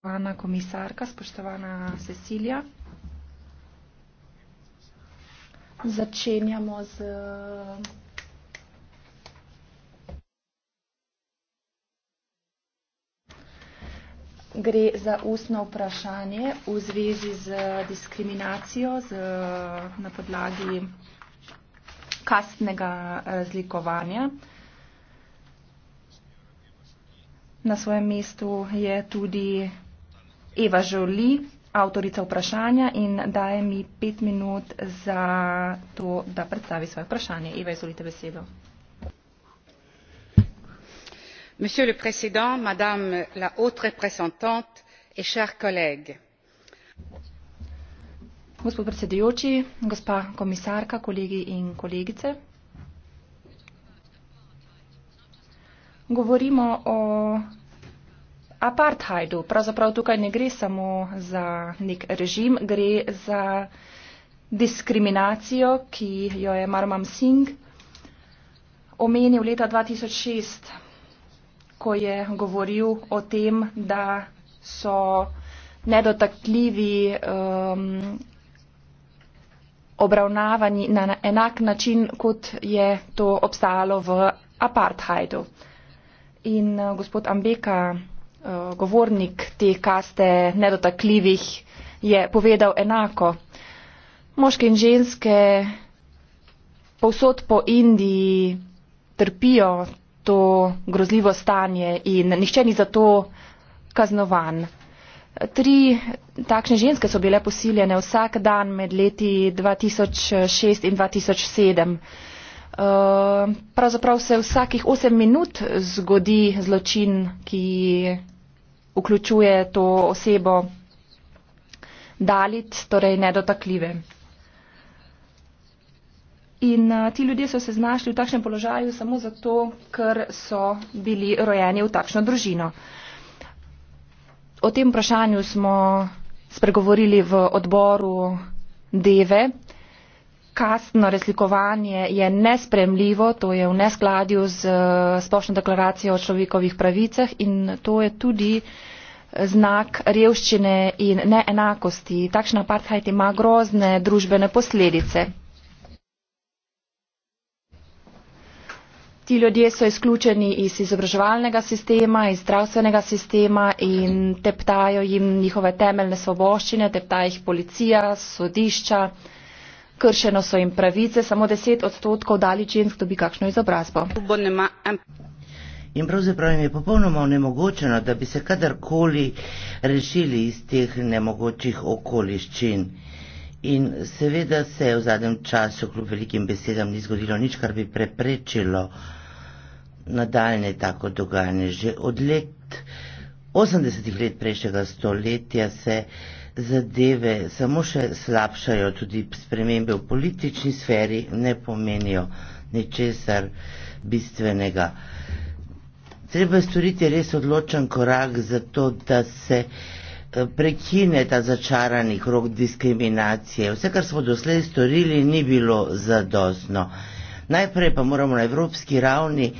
spoštovana komisarka, spoštovana Cecilija. Začenjamo z Gre za ustno vprašanje v zvezi z diskriminacijo z, na podlagi kastnega eh, razlikovanja. Na svojem mestu je tudi Eva Žoli, avtorica vprašanja in daje mi pet minut za to, da predstavi svoje vprašanje. Eva, izvolite besedo. Monsieur le Président, Madame la Haute Représentante et chers collègues. Gospod predsedujoči, gospa komisarka, kolegi in kolegice. Govorimo o apartheidu. Pravzaprav tukaj ne gre samo za nek režim, gre za diskriminacijo, ki jo je Marmam Singh omenil leta 2006, ko je govoril o tem, da so nedotakljivi um, obravnavani na enak način, kot je to obstajalo v apartheidu. In uh, gospod Ambeka govornik te kaste nedotakljivih je povedal enako. Moški in ženske povsod po Indiji trpijo to grozljivo stanje in nihče ni zato kaznovan. Tri takšne ženske so bile posiljene vsak dan med leti 2006 in 2007. Ehm, pravzaprav se vsakih 8 minut zgodi zločin, ki vključuje to osebo dalit, torej nedotakljive. In eh, ti ljudje so se znašli v takšnem položaju samo zato, ker so bili rojeni v takšno družino. O tem vprašanju smo spregovorili v odboru Deve kastno razlikovanje je nespremljivo, to je v neskladju z eh, splošno deklaracijo o človekovih pravicah in to je tudi znak revščine in neenakosti. Takšen apartheid ima grozne družbene posledice. Ti ljudje so izključeni iz izobraževalnega sistema, iz zdravstvenega sistema in teptajo jim njihove temeljne svoboščine, teptajo jih policija, sodišča kršeno so jim pravice, samo 10 odstotkov dali žensk dobi kakšno izobrazbo. In pravzaprav jim je popolnoma onemogočeno, da bi se kadarkoli rešili iz teh nemogočih okoliščin. In seveda se je v zadnjem času, kljub velikim besedam, ni zgodilo nič, kar bi preprečilo nadaljne tako dogajanje. Že od let 80-ih let prejšnjega stoletja se je zadeve samo še slabšajo, tudi spremembe v politični sferi ne pomenijo ničesar bistvenega. Treba je storiti res odločen korak za to, da se eh, prekine ta začarani krok diskriminacije. Vse, kar smo doslej storili, ni bilo zadostno. Najprej pa moramo na evropski ravni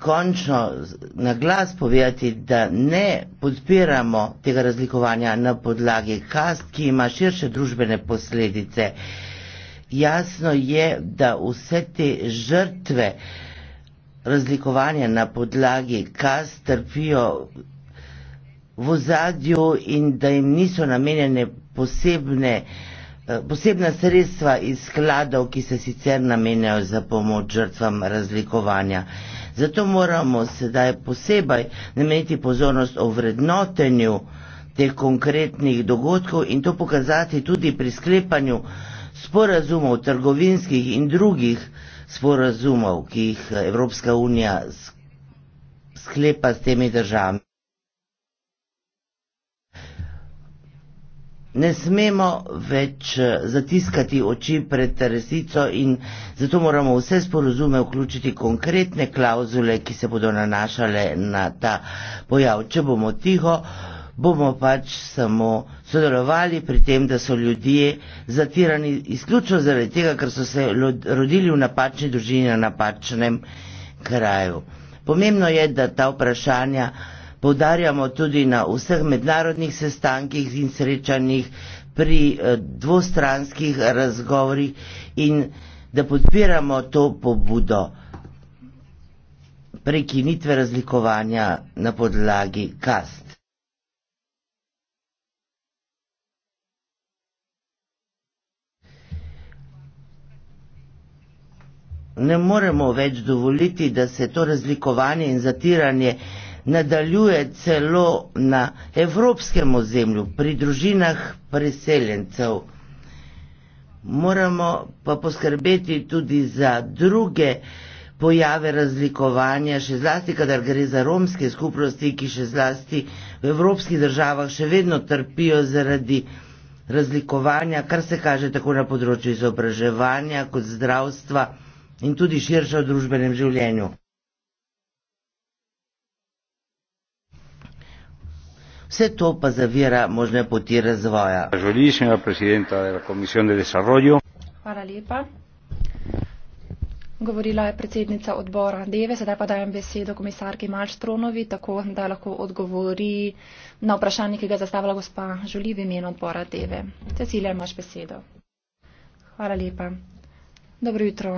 končno na glas povedati, da ne podpiramo tega razlikovanja na podlagi kast, ki ima širše družbene posledice. Jasno je, da vse te žrtve razlikovanja na podlagi kast trpijo v zadju in da jim niso namenjene posebne, eh, posebna sredstva iz skladov, ki se sicer namenjajo za pomoč žrtvam razlikovanja. Zato moramo sedaj posebej nameniti pozornost o vrednotenju teh konkretnih dogodkov in to pokazati tudi pri sklepanju sporazumov trgovinskih in drugih sporazumov, ki jih Evropska unija sklepa s temi državami. ne smemo več eh, zatiskati oči pred resico in zato moramo vse sporozume vključiti konkretne klauzule, ki se bodo nanašale na ta pojav. Če bomo tiho, bomo pač samo sodelovali pri tem, da so ljudje zatirani izključno zaradi tega, ker so se rodili v napačni družini na napačnem kraju. Pomembno je, da ta vprašanja poudarjamo tudi na vseh mednarodnih sestankih in srečanjih pri eh, dvostranskih razgovorih in da podpiramo to pobudo prekinitve razlikovanja na podlagi kast. Ne moremo več dovoliti, da se to razlikovanje in zatiranje eh, nadaljuje celo na evropskem ozemlju pri družinah preseljencev. Moramo pa poskrbeti tudi za druge pojave razlikovanja, še zlasti, kadar gre za romske skupnosti, ki še zlasti v evropskih državah še vedno trpijo zaradi razlikovanja, kar se kaže tako na področju izobraževanja kot zdravstva in tudi širše v družbenem življenju. Vse to pa zavira možne poti razvoja. Hvala lepa. Govorila je predsednica odbora Deve, sedaj pa dajem besedo komisarki Malštronovi, tako da lahko odgovori na vprašanje, ki ga je zastavila gospa Žuli v imenu odbora Deve. Cecilija, imaš besedo. Hvala lepa. Dobro jutro,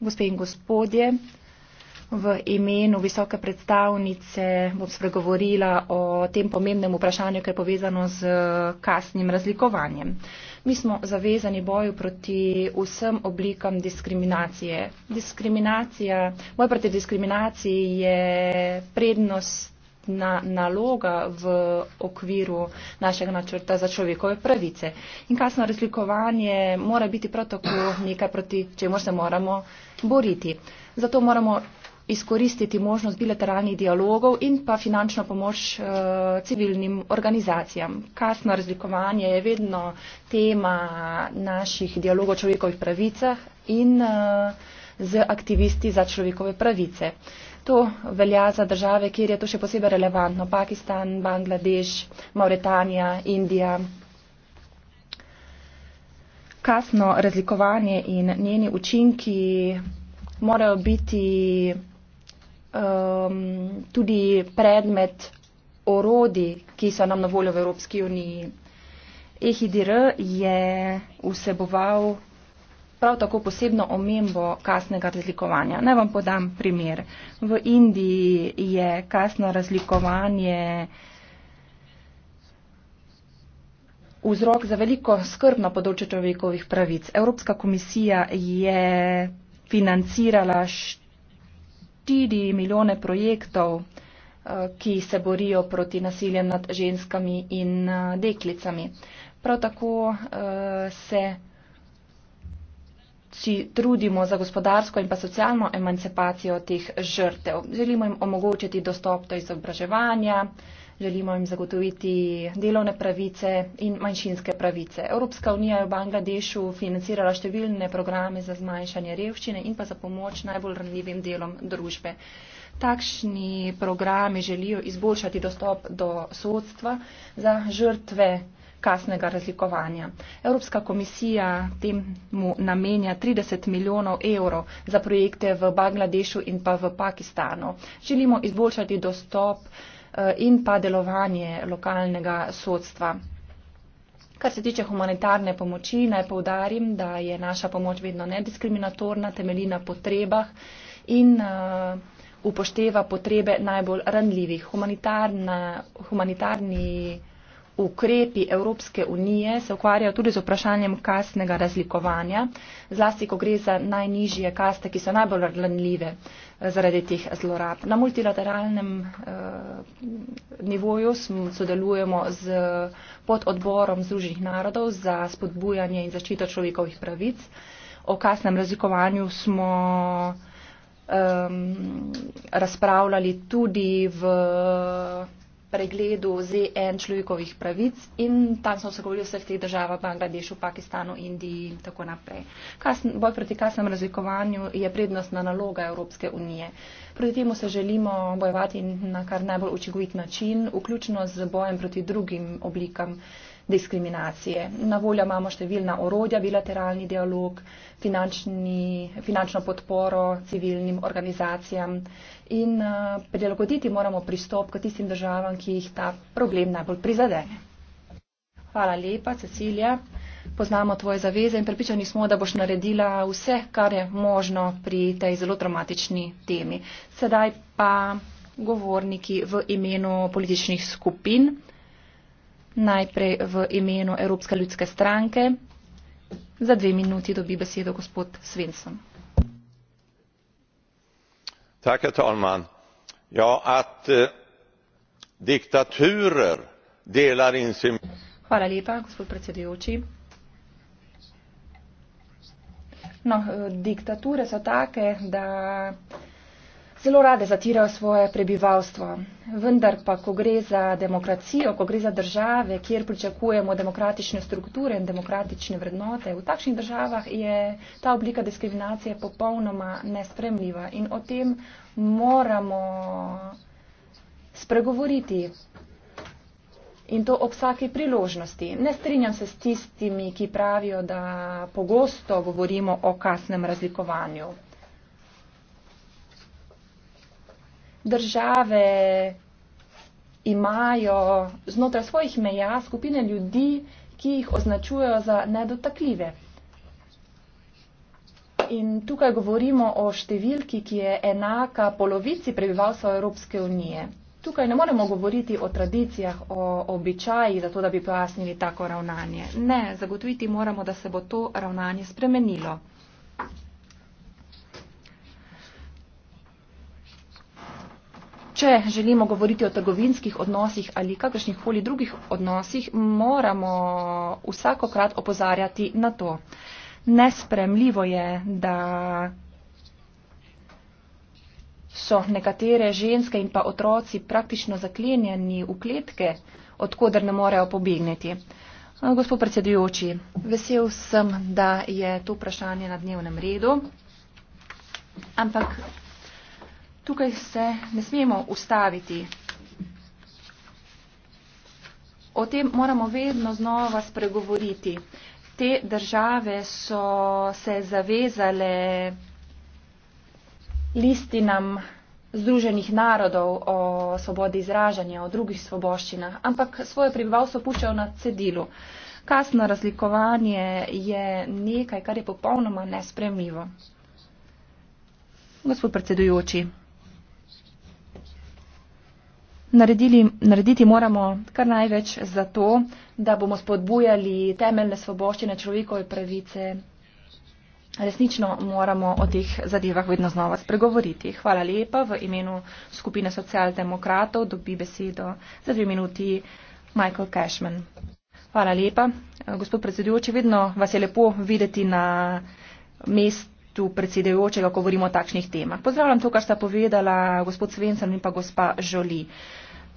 gospe in gospodje. V imenu visoke predstavnice bom spregovorila o tem pomembnem vprašanju, ki je povezano z kasnim razlikovanjem. Mi smo zavezani boju proti vsem oblikam diskriminacije. Diskriminacija, boj proti diskriminaciji je prednostna naloga v okviru našega načrta za človekove pravice. In kasno razlikovanje mora biti prav tako nekaj, proti čemu se moramo boriti. Zato moramo izkoristiti možnost bilateralnih dialogov in pa finančno pomoč uh, civilnim organizacijam. Kasno razlikovanje je vedno tema naših dialogov o človekovih pravicah in uh, z aktivisti za človekove pravice. To velja za države, kjer je to še posebej relevantno. Pakistan, Bangladeš, Mauretanija, Indija. Kasno razlikovanje in njeni učinki morajo biti um, tudi predmet orodi, ki so nam na voljo v Evropski uniji. EHDR je vseboval prav tako posebno omembo kasnega razlikovanja. Naj vam podam primer. V Indiji je kasno razlikovanje vzrok za veliko skrb na področju človekovih pravic. Evropska komisija je financirala 4 milijone projektov, eh, ki se borijo proti nasiljem nad ženskami in eh, deklicami. Prav tako eh, se si trudimo za gospodarsko in pa socialno emancipacijo teh žrtev. Želimo jim omogočiti dostop do izobraževanja, želimo jim zagotoviti delovne pravice in manjšinske pravice. Evropska unija je v Bangladešu financirala številne programe za zmanjšanje revščine in pa za pomoč najbolj ranljivim delom družbe. Takšni programi želijo izboljšati dostop do sodstva za žrtve kasnega razlikovanja. Evropska komisija temu namenja 30 milijonov evrov za projekte v Bangladešu in pa v Pakistanu. Želimo izboljšati dostop Eh, in pa delovanje lokalnega sodstva. Kar se tiče humanitarne pomoči, naj povdarim, da je naša pomoč vedno nediskriminatorna, temelji na potrebah in uh, upošteva potrebe najbolj ranljivih. Humanitarni ukrepi Evropske unije se ukvarjajo tudi z vprašanjem kasnega razlikovanja, zlasti, ko gre za najnižje kaste, ki so najbolj ranljive. Uh, zaradi teh zlorab. Na multilateralnem uh, nivoju sodelujemo z pododborom Združenih narodov za spodbujanje in zaščito človekovih pravic. O kasnem razlikovanju smo um, razpravljali tudi v pregledu ZN človekovih pravic in tam smo se govorili o vseh teh državah, Bangladešu, Pakistanu, Indiji in tako naprej. Kasn, boj proti kasnem razlikovanju je prednostna naloga Evropske unije. Proti temu se želimo bojevati na kar najbolj učinkovit način, vključno z bojem proti drugim oblikam diskriminacije. Na voljo imamo številna orodja, bilateralni dialog, finančni, finančno podporo civilnim organizacijam in eh, prilagoditi moramo pristop k tistim državam, ki jih ta problem najbolj prizadene. Hvala lepa, Cecilija. Poznamo tvoje zaveze in pripričani smo, da boš naredila vse, kar je možno pri tej zelo dramatični temi. Sedaj pa govorniki v imenu političnih skupin najprej v imenu Evropske ljudske stranke. Za dve minuti dobi besedo gospod Svensson. Tack, herr talman. Ja, att eh, diktaturer delar in sin... Hvala lepa, gospod predsedujoči. No, eh, diktature so take, da zelo rade zatirajo svoje prebivalstvo. Vendar pa, ko gre za demokracijo, ko gre za države, kjer pričakujemo demokratične strukture in demokratične vrednote, v takšnih državah je ta oblika diskriminacije popolnoma nespremljiva in o tem moramo spregovoriti. In to ob vsaki priložnosti. Ne strinjam se s tistimi, ki pravijo, da pogosto govorimo o kasnem razlikovanju. države imajo znotraj svojih meja skupine ljudi, ki jih označujejo za nedotakljive. In tukaj govorimo o številki, ki je enaka polovici prebivalstva Evropske unije. Tukaj ne moremo govoriti o tradicijah, o običajih, zato da bi pojasnili tako ravnanje. Ne, zagotoviti moramo, da se bo to ravnanje spremenilo. Če želimo govoriti o trgovinskih odnosih ali kakršnih koli drugih odnosih, moramo vsakokrat opozarjati na to. Nespremljivo je, da so nekatere ženske in pa otroci praktično zaklenjeni v kletke, odkuder ne morejo pobegniti. Gospod predsedujoči, vesel sem, da je to vprašanje na dnevnem redu, ampak Tukaj se ne smemo ustaviti. O tem moramo vedno znova spregovoriti. Te države so se zavezale listinam Združenih narodov o svobodi izražanja, o drugih svoboščinah, ampak svoje prebivalstvo puščajo na cedilu. Kasno razlikovanje je nekaj, kar je popolnoma nespremljivo. Gospod predsedujoči, naredili, narediti moramo kar največ za to, da bomo spodbujali temeljne svoboščine človekove pravice. Resnično moramo o teh zadevah vedno znova spregovoriti. Hvala lepa. V imenu skupine socialdemokratov dobi besedo za dve minuti Michael Cashman. Hvala lepa. Gospod predsedujoči, vedno vas je lepo videti na mest tu predsedujočega, ko govorimo o takšnih temah. Pozdravljam to, kar sta povedala gospod Svencem in pa gospa Žoli.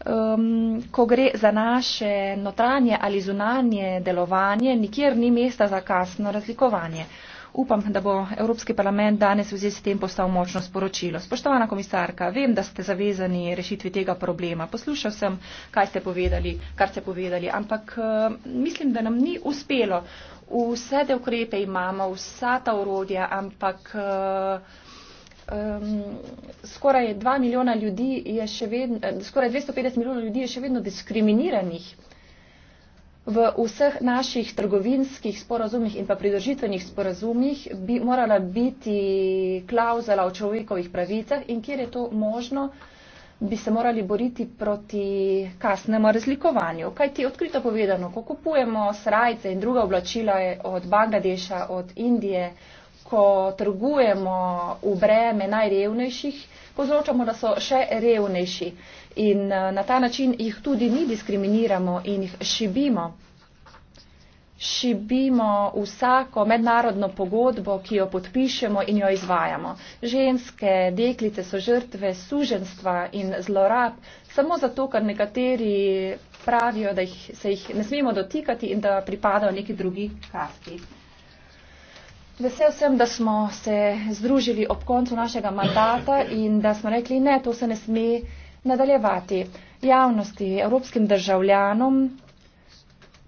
Um, ko gre za naše notranje ali zunanje delovanje, nikjer ni mesta za kasno razlikovanje. Uh, Upam, da bo Evropski parlament danes v zvezi s tem postal močno sporočilo. Spoštovana komisarka, vem, da ste zavezani rešitvi tega problema. Poslušal sem, kaj ste povedali, kar ste povedali, ampak eh, mislim, da nam ni uspelo. Vse te ukrepe imamo, vsa ta urodja, ampak. Um, skoraj, 2 milijona ljudi je še vedno, skoraj 250 milijonov ljudi je še vedno diskriminiranih. V vseh naših trgovinskih sporazumih in pa pridržitvenih sporazumih bi morala biti klauzula o človekovih pravicah in kjer je to možno, bi se morali boriti proti kasnemu razlikovanju. Kaj ti odkrito povedano, ko kupujemo srajce in druga oblačila od Bangladeša, od Indije, ko trgujemo v breme najrevnejših, povzročamo, da so še revnejši in eh, na ta način jih tudi mi diskriminiramo in jih šibimo. Šibimo vsako mednarodno pogodbo, ki jo podpišemo in jo izvajamo. Ženske, deklice so žrtve suženstva in zlorab, samo zato, ker nekateri pravijo, da jih, se jih ne smemo dotikati in da pripadajo neki drugi kasti. Vesel sem, da smo se združili ob koncu našega mandata in da smo rekli, ne, to se ne sme nadaljevati. Javnosti, evropskim državljanom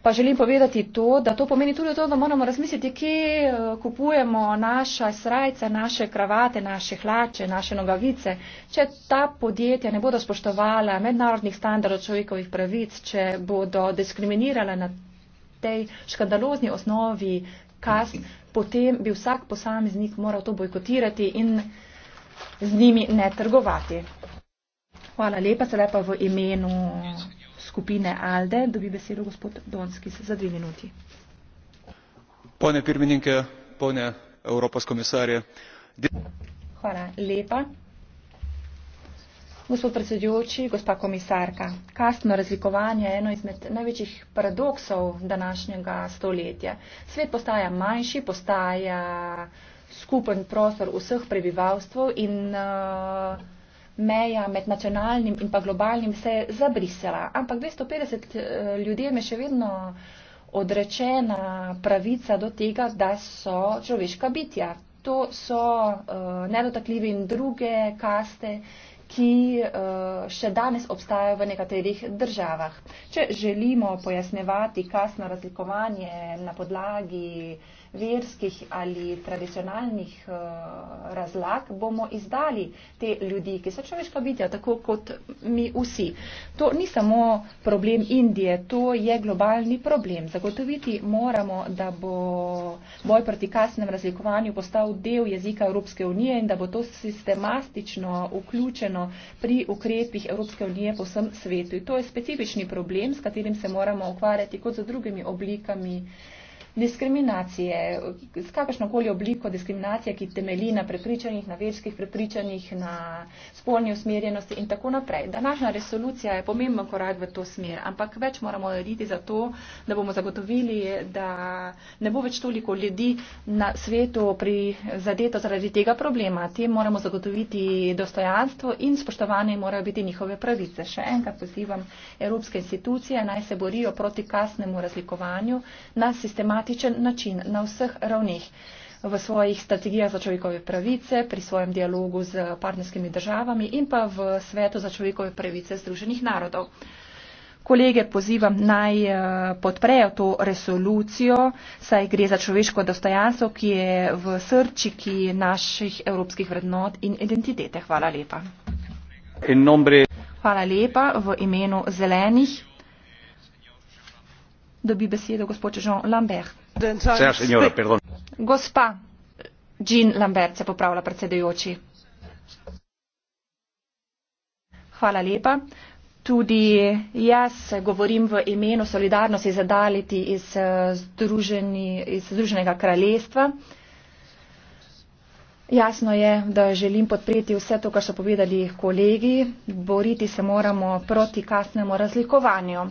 pa želim povedati to, da to pomeni tudi to, da moramo razmisliti, kje eh, kupujemo naša srajca, naše kravate, naše hlače, naše nogavice. Če ta podjetja ne bodo spoštovala mednarodnih standardov človekovih pravic, če bodo diskriminirala na tej škandalozni osnovi kast, potem bi vsak posameznik moral to bojkotirati in z njimi ne trgovati. Hvala lepa, sedaj pa v imenu skupine ALDE dobi besedo gospod Donski za dve minuti. Pone Pirmininke, pone Evropske komisarje. Hvala lepa. Gospod predsedujoči, gospa komisarka, kastno razlikovanje je eno izmed največjih paradoksov današnjega stoletja. Svet postaja manjši, postaja skupen prostor vseh prebivalstvov in uh, meja med nacionalnim in pa globalnim se je zabrisala. Ampak 250 eh, ljudi je še vedno odrečena pravica do tega, da so človeška bitja. To so uh, eh, nedotakljivi in druge kaste, ki eh, še danes obstajajo v nekaterih državah. Če želimo pojasnevati kasno razlikovanje na podlagi verskih ali tradicionalnih eh, razlag, bomo izdali te ljudi, ki so človeška bitja, tako kot mi vsi. To ni samo problem Indije, to je globalni problem. Zagotoviti moramo, da bo boj proti kasnem razlikovanju postal del jezika Evropske unije in da bo to sistematično vključeno pri ukrepih Evropske unije po vsem svetu. In to je specifični problem, s katerim se moramo ukvarjati kot z drugimi oblikami diskriminacije, s kakršnokoli obliko diskriminacije, ki temelji na prepričanjih, na verskih prepričanjih, na spolni usmerjenosti in tako naprej. Današnja resolucija je pomemben korak v to smer, ampak več moramo narediti za to, da bomo zagotovili, da ne bo več toliko ljudi na svetu prizadeto zaradi tega problema. Te moramo zagotoviti dostojanstvo in spoštovane morajo biti njihove pravice. Še enkrat pozivam Evropske institucije, naj se borijo proti kasnemu razlikovanju na sistematičnosti sistematičen način na vseh ravnih. V svojih strategijah za človekove pravice, pri svojem dialogu z partnerskimi državami in pa v svetu za človekove pravice Združenih narodov. Kolege pozivam naj eh, podprejo to resolucijo, saj gre za človeško dostojanstvo, ki je v srčiki naših evropskih vrednot in identitete. Hvala lepa. Hvala lepa v imenu zelenih dobi besedo gospod jean lambert. gospa jean lambert se popravlja predsedujoči. hvala lepa. tudi jaz govorim v imenu solidarnosti za daliti iz, eh, iz združenega kraljestva. Jasno je, da želim podpreti vse to, kar so povedali kolegi. Boriti se moramo proti kasnemu razlikovanju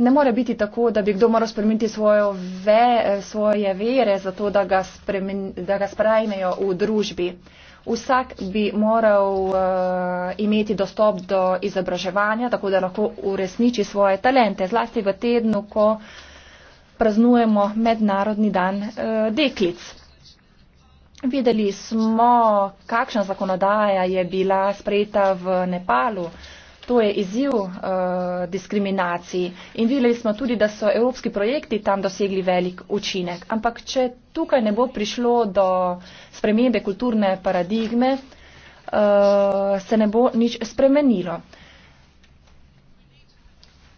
ne more biti tako, da bi kdo moral spremeniti svojo ve, svoje vere, zato da ga, spremen, da ga sprajnejo v družbi. Vsak bi moral uh, imeti dostop do izobraževanja, tako da lahko uresniči svoje talente, zlasti v tednu, ko praznujemo Mednarodni dan uh, deklic. Videli smo, kakšna zakonodaja je bila sprejeta v Nepalu. Uh, to je izziv uh, eh, diskriminaciji. In videli smo tudi, da so evropski projekti tam dosegli velik učinek. Ampak če tukaj ne bo prišlo do spremembe kulturne paradigme, uh, se ne bo nič spremenilo.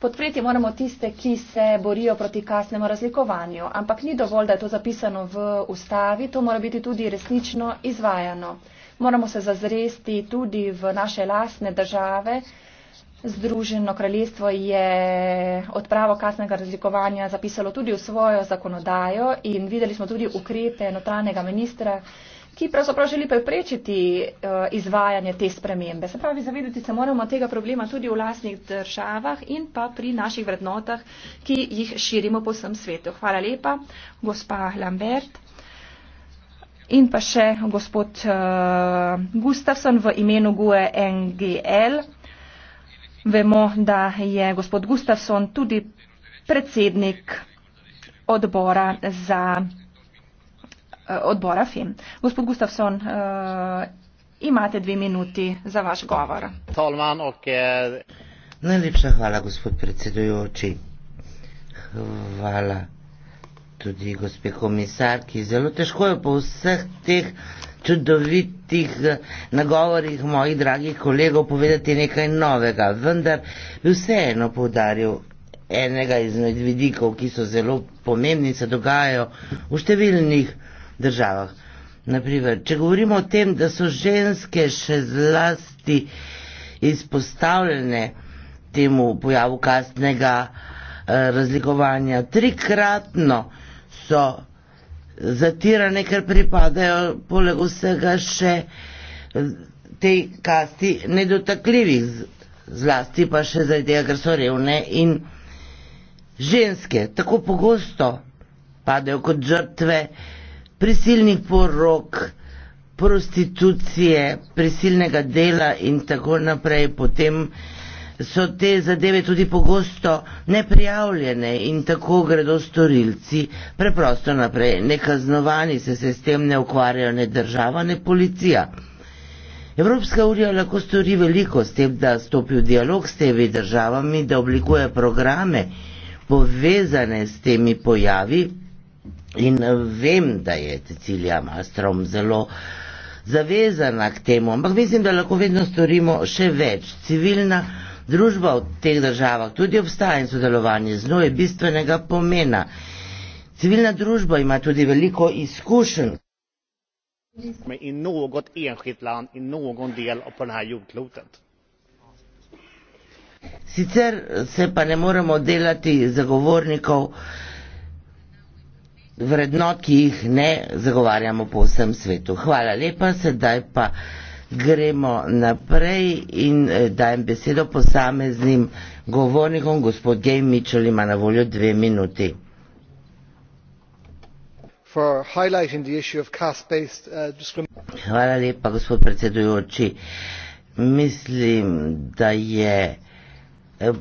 Podpreti moramo tiste, ki se borijo proti kasnemu razlikovanju, ampak ni dovolj, da je to zapisano v ustavi, to mora biti tudi resnično izvajano. Moramo se zazresti tudi v naše lastne države, uh, Združeno kraljestvo je odpravo kasnega razlikovanja zapisalo tudi v svojo zakonodajo in videli smo tudi ukrepe notranjega ministra, ki pravzaprav želi preprečiti eh, izvajanje te spremembe. Se pravi, zavedati se moramo tega problema tudi v lasnih državah in pa pri naših vrednotah, ki jih širimo po vsem svetu. Hvala lepa, gospa Lambert. In pa še gospod uh, eh, Gustafson v imenu GUE NGL. Vemo, da je gospod Gustafsson tudi predsednik odbora za eh, odbora FEM. Gospod Gustafsson, eh, imate dve minuti za vaš govor. Najlepša hvala, gospod predsedujoči. Hvala tudi gospe komisarki. Zelo težko je po vseh teh čudovitih eh, nagovorih mojih dragih kolegov povedati nekaj novega, vendar bi vseeno povdaril enega izmed vidikov, ki so zelo pomembni in se dogajajo v številnih državah. Naprimer, če govorimo o tem, da so ženske še zlasti izpostavljene temu pojavu kasnega eh, razlikovanja, trikratno so zatirane, ker pripadajo poleg vsega še eh, tej kasti nedotakljivih, zlasti pa še zaradi tega, ker so revne in ženske tako pogosto padajo kot žrtve prisilnih porok, prostitucije, prisilnega dela in tako naprej. Potem, uh, so te zadeve tudi pogosto neprijavljene in tako gredo storilci preprosto naprej. Nekaznovani se, se s tem ne ukvarjajo, ne država, ne policija. Evropska unija lahko stori veliko s tem, da stopi v dialog s temi državami, da oblikuje programe povezane s temi pojavi in eh, vem, da je Cecilija Mastrom zelo zavezana k temu, ampak mislim, da lahko vedno storimo še več. Civilna Družba v teh državah tudi obstaja in sodelovanje z njo je bistvenega pomena. Civilna družba ima tudi veliko izkušenj. Sicer se pa ne moremo delati zagovornikov vrednot, ki jih ne zagovarjamo po vsem svetu. Hvala lepa, sedaj pa gremo naprej in eh, dajem besedo posameznim govornikom. Gospod Gej Mičel ima na voljo dve minuti. Uh, Hvala lepa, gospod predsedujoči. Mislim, da je eh,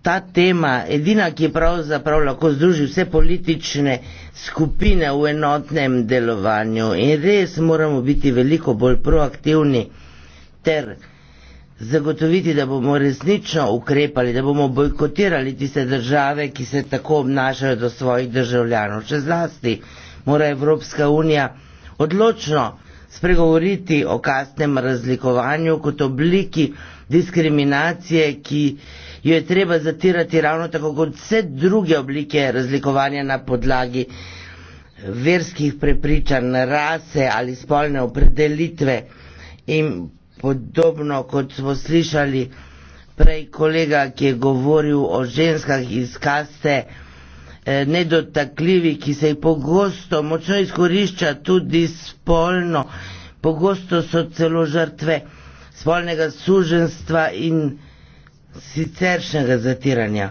ta tema edina, ki je pravzaprav lahko združi vse politične skupine v enotnem delovanju in res moramo biti veliko bolj proaktivni ter zagotoviti, da bomo resnično ukrepali, da bomo bojkotirali tiste države, ki se tako obnašajo do svojih državljanov. Če zlasti mora Evropska unija odločno spregovoriti o kasnem razlikovanju kot obliki diskriminacije, ki jo je treba zatirati ravno tako kot vse druge oblike razlikovanja na podlagi verskih prepričanj, rase ali spolne opredelitve in podobno kot smo slišali prej kolega, ki je govoril o ženskah iz kaste, Eh, nedotakljivi, ki se jih pogosto močno izkorišča tudi spolno, pogosto so celo žrtve spolnega suženstva in siceršnega zatiranja.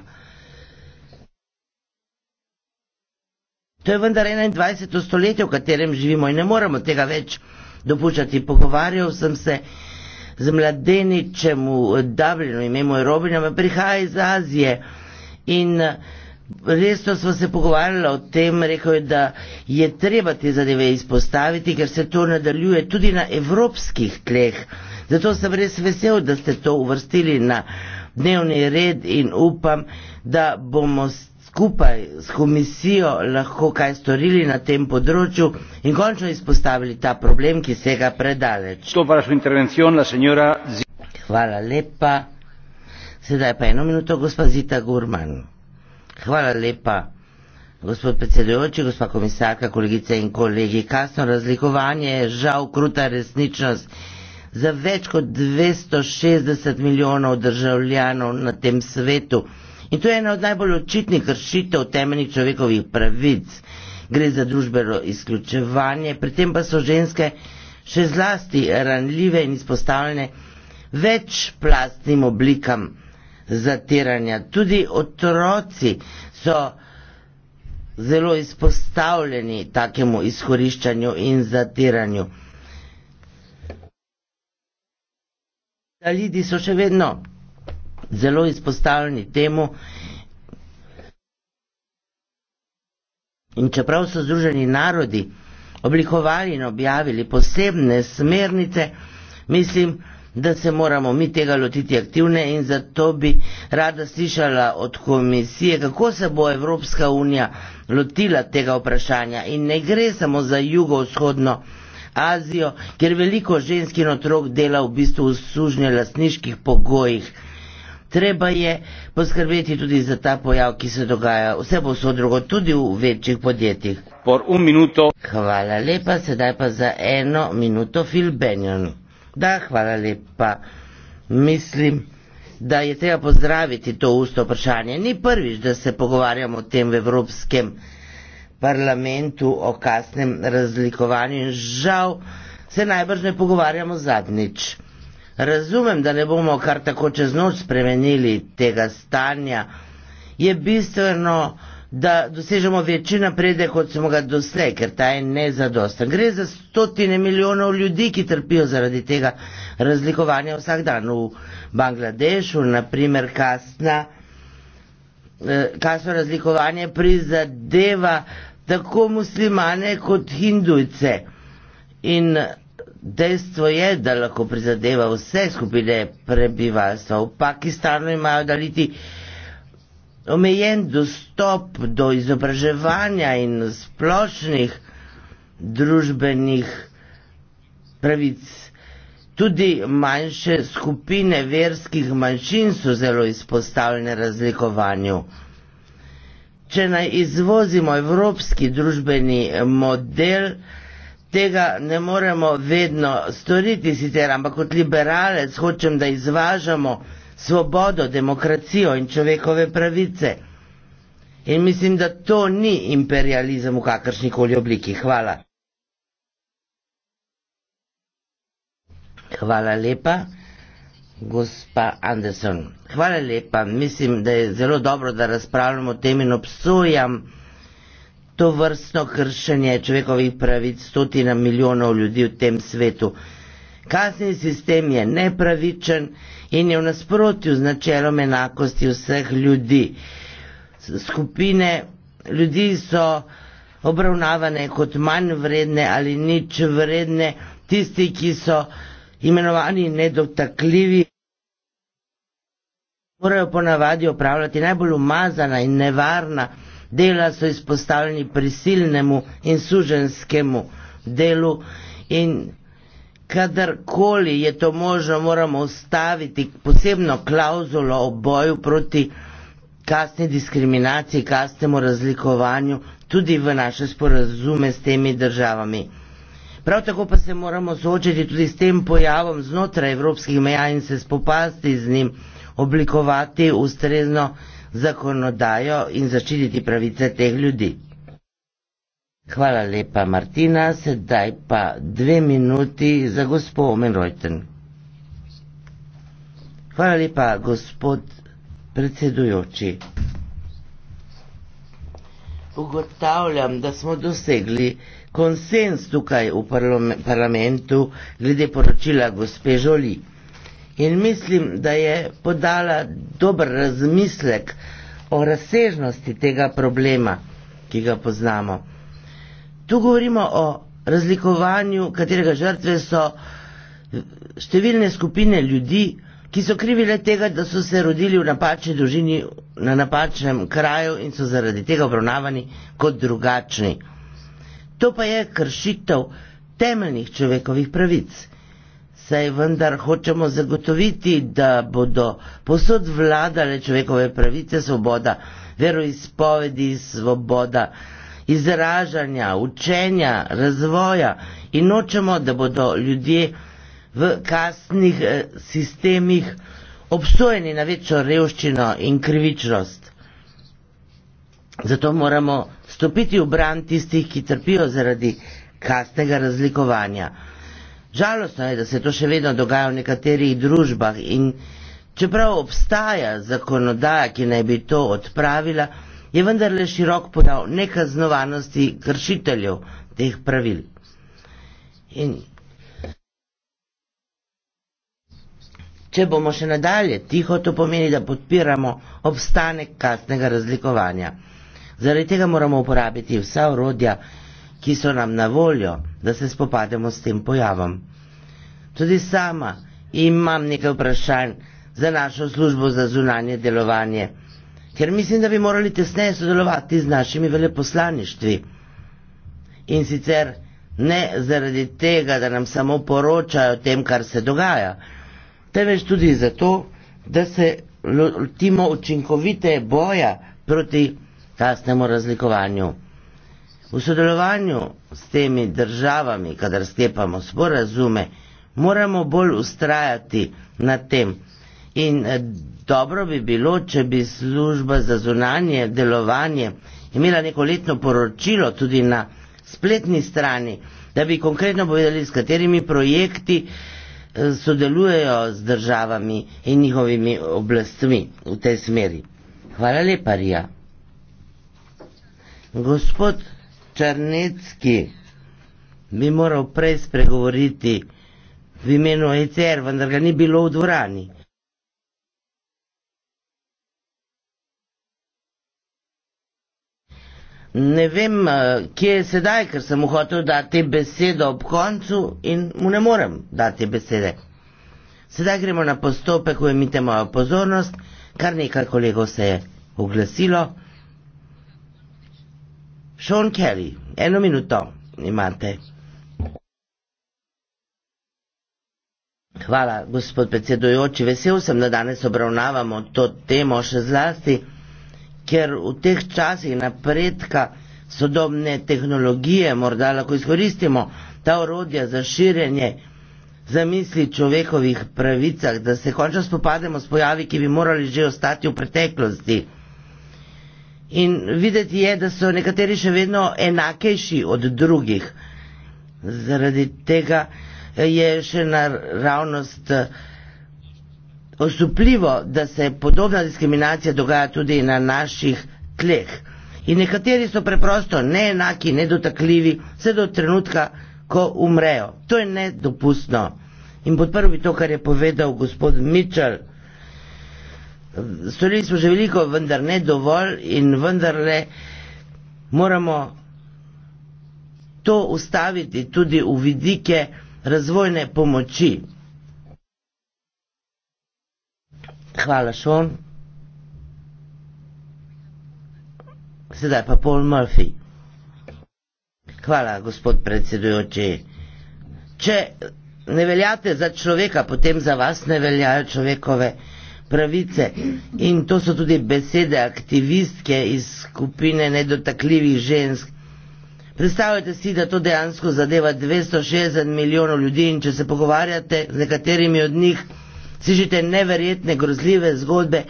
To je vendar 21. stoletje, v katerem živimo in ne moremo tega več dopuščati. Pogovarjal sem se z mladeničem v Dublinu, ime mu je Robin, ampak prihaja iz Azije in Res pa smo se pogovarjali o tem, rekel je, da je treba te zadeve izpostaviti, ker se to nadaljuje tudi na evropskih tleh. Zato sem res vesel, da ste to uvrstili na dnevni red in upam, da bomo skupaj s komisijo lahko kaj storili na tem področju in končno izpostavili ta problem, ki se ga predaleč. Hvala lepa. Sedaj pa eno minuto, gospa Zita Gurman. Hvala lepa. Gospod predsedujoči, gospa komisarka, kolegice in kolegi, kasno razlikovanje je žal kruta resničnost. Za več kot 260 milijonov državljanov na tem svetu. In to je ena od najbolj očitnih kršitev temeljnih človekovih pravic. Gre za družbeno izključevanje, pri tem pa so ženske še zlasti ranljive in izpostavljene večplastnim oblikam zatiranja. Tudi otroci so zelo izpostavljeni takemu izkoriščanju in zatiranju. Talidi so še vedno zelo izpostavljeni temu in čeprav so združeni narodi oblikovali in objavili posebne smernice, mislim, da se moramo mi tega lotiti aktivne in zato bi rada slišala od komisije, kako se bo Evropska unija lotila tega vprašanja in ne gre samo za jugovzhodno Azijo, ker veliko žensk in otrok dela v bistvu v sužnje lasniških pogojih. Treba je poskrbeti tudi za ta pojav, ki se dogaja vse posod drugo, tudi v večjih podjetjih. Hvala lepa, sedaj pa za eno minuto Phil Benjon. Da, hvala lepa. Mislim, da je treba pozdraviti to usto vprašanje. Ni prvič, da se pogovarjamo o tem v Evropskem parlamentu, o kasnem razlikovanju in žal se najbrž ne pogovarjamo zadnjič. Razumem, da ne bomo kar tako čez noč spremenili tega stanja. Je bistveno, da dosežemo večji napredek, kot smo ga doslej, ker ta je nezadosten. Gre za stotine milijonov ljudi, ki trpijo zaradi tega razlikovanja vsak dan v Bangladešu, naprimer kasna, eh, kasno razlikovanje prizadeva tako muslimane kot hindujce. In dejstvo je, da lahko prizadeva vse skupine prebivalstva. V Pakistanu imajo daliti omejen dostop do izobraževanja in splošnih družbenih pravic. Tudi manjše skupine verskih manjšin so zelo izpostavljene razlikovanju. Če naj izvozimo evropski družbeni model, tega ne moremo vedno storiti, sicer, ampak kot liberalec hočem, da izvažamo svobodo, demokracijo in človekove pravice. In mislim, da to ni imperializem v kakršnikoli obliki. Hvala. Hvala lepa, gospa Anderson. Hvala lepa. Mislim, da je zelo dobro, da razpravljamo o tem in obsojam to vrstno kršenje človekovih pravic stotina milijonov ljudi v tem svetu. Kasni sistem je nepravičen in je v nasprotju z načelom enakosti vseh ljudi. Skupine ljudi so obravnavane kot manj vredne ali nič vredne, tisti, ki so imenovani nedotakljivi, morajo ponavadi opravljati najbolj umazana in nevarna dela, so izpostavljeni prisilnemu in suženskemu delu in kadarkoli je to možno, moramo ustaviti posebno klauzulo o boju proti kasni diskriminaciji, kasnemu razlikovanju, tudi v naše sporazume s temi državami. Prav tako pa se moramo soočiti tudi s tem pojavom znotraj evropskih meja in se spopasti z njim, oblikovati ustrezno zakonodajo in zaščititi pravice teh ljudi. Hvala lepa, Martina. Sedaj pa dve minuti za gospo Omenrojten. Hvala lepa, gospod predsedujoči. Ugotavljam, da smo dosegli konsens tukaj v parlamentu glede poročila gospe Žoli. In mislim, da je podala dober razmislek o razsežnosti tega problema, ki ga poznamo. Tu govorimo o razlikovanju, katerega žrtve so številne skupine ljudi, ki so krivile tega, da so se rodili v napačni družini, na napačnem kraju in so zaradi tega obravnavani kot drugačni. To pa je kršitev temeljnih človekovih pravic. Saj vendar hočemo zagotoviti, da bodo posod vladale človekove pravice, svoboda veroizpovedi, svoboda izražanja, učenja, razvoja in nočemo, da bodo ljudje v kasnih eh, sistemih obsojeni na večjo revščino in krivičnost. Zato moramo stopiti v bran tistih, ki trpijo zaradi kasnega razlikovanja. Žalostno je, da se to še vedno dogaja v nekaterih družbah in čeprav obstaja zakonodaja, ki naj bi to odpravila, je vendarle širok podal nekaznovanosti kršiteljev teh pravil. In če bomo še nadalje tiho, to pomeni, da podpiramo obstanek kasnega razlikovanja. Zaradi tega moramo uporabiti vsa urodja, ki so nam na voljo, da se spopademo s tem pojavom. Tudi sama imam nekaj vprašanj za našo službo za zunanje delovanje ker mislim, da bi morali tesneje sodelovati z našimi veleposlaništvi. In sicer ne zaradi tega, da nam samo poročajo o tem, kar se dogaja, temveč tudi zato, da se lotimo učinkovite boja proti tasnemu razlikovanju. V sodelovanju s temi državami, kadar sklepamo sporazume, moramo bolj ustrajati na tem in Dobro bi bilo, če bi služba za zunanje delovanje imela neko letno poročilo tudi na spletni strani, da bi konkretno povedali, s katerimi projekti eh, sodelujejo z državami in njihovimi oblastmi v tej smeri. Hvala lepa, Rija. Gospod Črnecki bi moral prej spregovoriti v imenu ECR, vendar ga ni bilo v dvorani. ne vem, eh, kje je sedaj, ker sem mu hotel dati besedo ob koncu in mu ne morem dati besede. Sedaj gremo na postopek, ujemite mojo pozornost, kar nekaj kolegov se je oglasilo. Sean Kelly, eno minuto imate. Hvala, gospod predsedujoči. Vesel sem, da danes obravnavamo to temo še zlasti ker v teh časih napredka sodobne tehnologije morda lahko izkoristimo ta orodja za širjenje zamisli človekovih pravicah, da se končno spopademo s pojavi, ki bi morali že ostati v preteklosti. In videti je, da so nekateri še vedno enakejši od drugih. Zaradi tega je še naravnost. Na osupljivo, da se podobna diskriminacija dogaja tudi na naših tleh. In nekateri so preprosto neenaki, nedotakljivi, vse do trenutka, ko umrejo. To je nedopustno. In podprl bi to, kar je povedal gospod Mitchell. Storili smo že veliko, vendar ne dovolj in vendarle moramo to ustaviti tudi v vidike razvojne pomoči. Hvala, Šon. Sedaj pa Paul Murphy. Hvala, gospod predsedujoči. Če ne veljate za človeka, potem za vas ne veljajo človekove pravice. In to so tudi besede aktivistke iz skupine nedotakljivih žensk. Predstavljate si, da to dejansko zadeva 260 milijonov ljudi in če se pogovarjate z nekaterimi od njih, slišite neverjetne grozljive zgodbe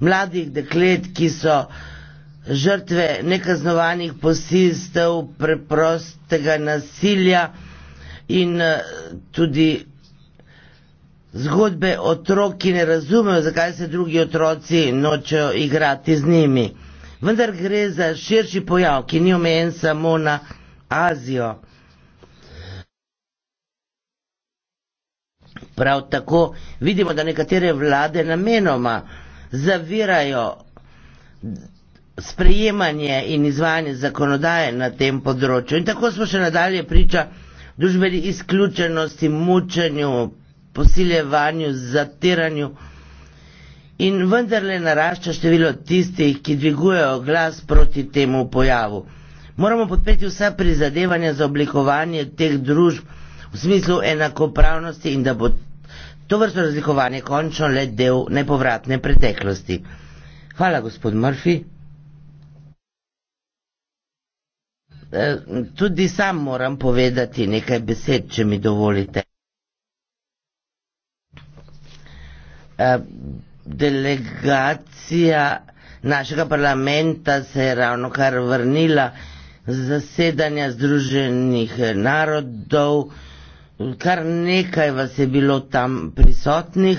mladih deklet, ki so žrtve nekaznovanih posilstev, preprostega nasilja in eh, tudi zgodbe otrok, ki ne razumejo, zakaj se drugi otroci nočejo igrati z njimi. Vendar gre za širši pojav, ki ni omejen samo na Azijo. Prav tako vidimo, da nekatere vlade namenoma zavirajo sprejemanje in izvajanje zakonodaje na tem področju. In tako smo še nadalje priča družbeni izključenosti, mučenju, posiljevanju, zatiranju. In vendarle narašča število tistih, ki dvigujejo glas proti temu pojavu. Moramo podpreti vsa prizadevanja za oblikovanje teh družb v smislu enakopravnosti in da bo to vrsto razlikovanje končno le del nepovratne preteklosti. Hvala, gospod Murphy. E, tudi sam moram povedati nekaj besed, če mi dovolite. E, delegacija našega parlamenta se je ravno kar vrnila z zasedanja Združenih narodov kar nekaj vas je bilo tam prisotnih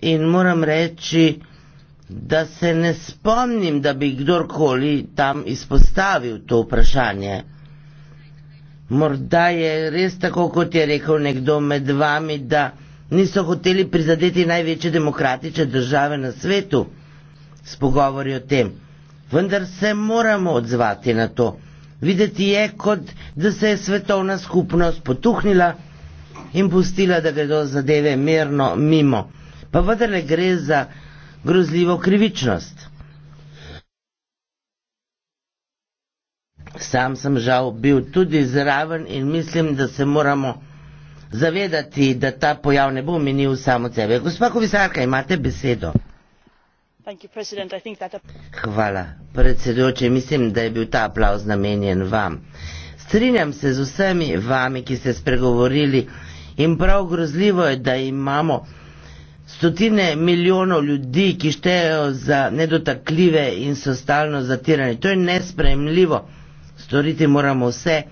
in moram reči, da se ne spomnim, da bi kdorkoli tam izpostavil to vprašanje. Morda je res tako, kot je rekel nekdo med vami, da niso hoteli prizadeti največje demokratične države na svetu s pogovori o tem. Vendar se moramo odzvati na to. Videti je, kot da se je svetovna skupnost potuhnila in pustila, da gredo zadeve mirno mimo. Pa vendarle gre za grozljivo krivičnost. Sam sem žal bil tudi zraven in mislim, da se moramo zavedati, da ta pojav ne bo minil samo sebe. Gospa komisarka, imate besedo. Hvala, predsedujoče. Mislim, da je bil ta aplauz namenjen vam. Strinjam se z vsemi vami, ki ste spregovorili In prav grozljivo je, da imamo stotine milijonov ljudi, ki štejejo za nedotakljive in so stalno zatirani. To je nespremljivo. Storiti moramo vse,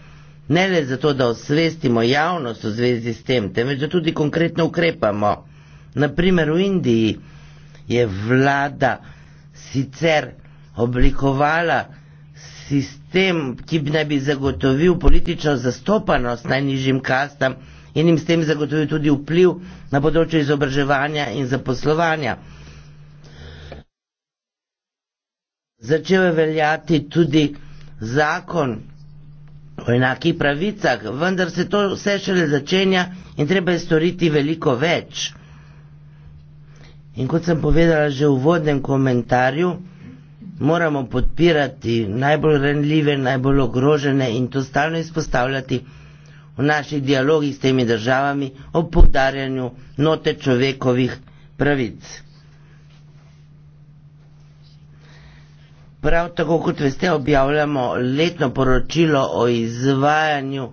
ne le zato, da osvestimo javnost v zvezi s tem, temveč da tudi konkretno ukrepamo. Naprimer v Indiji je vlada sicer oblikovala sistem, ki bi naj bi zagotovil politično zastopanost najnižjim kastam, in jim s tem zagotovi tudi vpliv na področju izobraževanja in zaposlovanja. Začel je veljati tudi zakon o enakih pravicah, vendar se to vse šele začenja in treba je storiti veliko več. In kot sem povedala že v vodnem komentarju, moramo podpirati najbolj renljive, najbolj ogrožene in to stalno izpostavljati v naših dialogih s temi državami o podarjanju note človekovih pravic. Prav tako, kot veste, objavljamo letno poročilo o izvajanju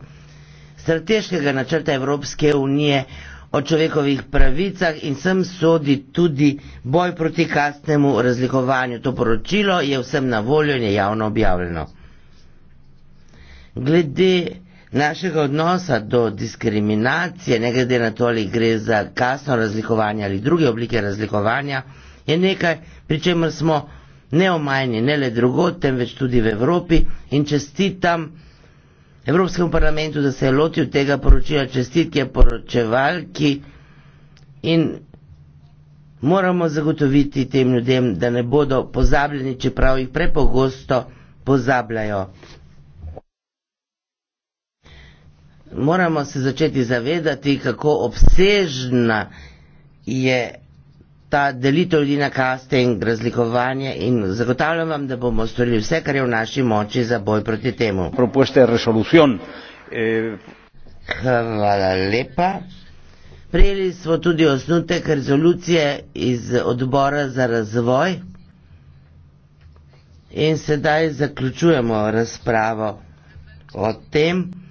strateškega načrta Evropske unije o človekovih pravicah in sem sodi tudi boj proti kasnemu razlikovanju. To poročilo je vsem na voljo in je javno objavljeno. Glede našega odnosa do diskriminacije, ne glede na to, ali gre za kasno razlikovanje ali druge oblike razlikovanja, je nekaj, pri čemer smo neomajni, ne le drugot, temveč tudi v Evropi in čestitam Evropskemu parlamentu, da se je lotil tega poročila, čestitke poročevalki in moramo zagotoviti tem ljudem, da ne bodo pozabljeni, čeprav jih prepogosto pozabljajo. moramo se začeti zavedati, kako obsežna je ta delitev ljudi na kaste in razlikovanje in zagotavljam vam, da bomo storili vse, kar je v naši moči za boj proti temu. Eh, Hvala lepa. Prijeli smo tudi osnutek rezolucije iz odbora za razvoj in sedaj zaključujemo razpravo o tem.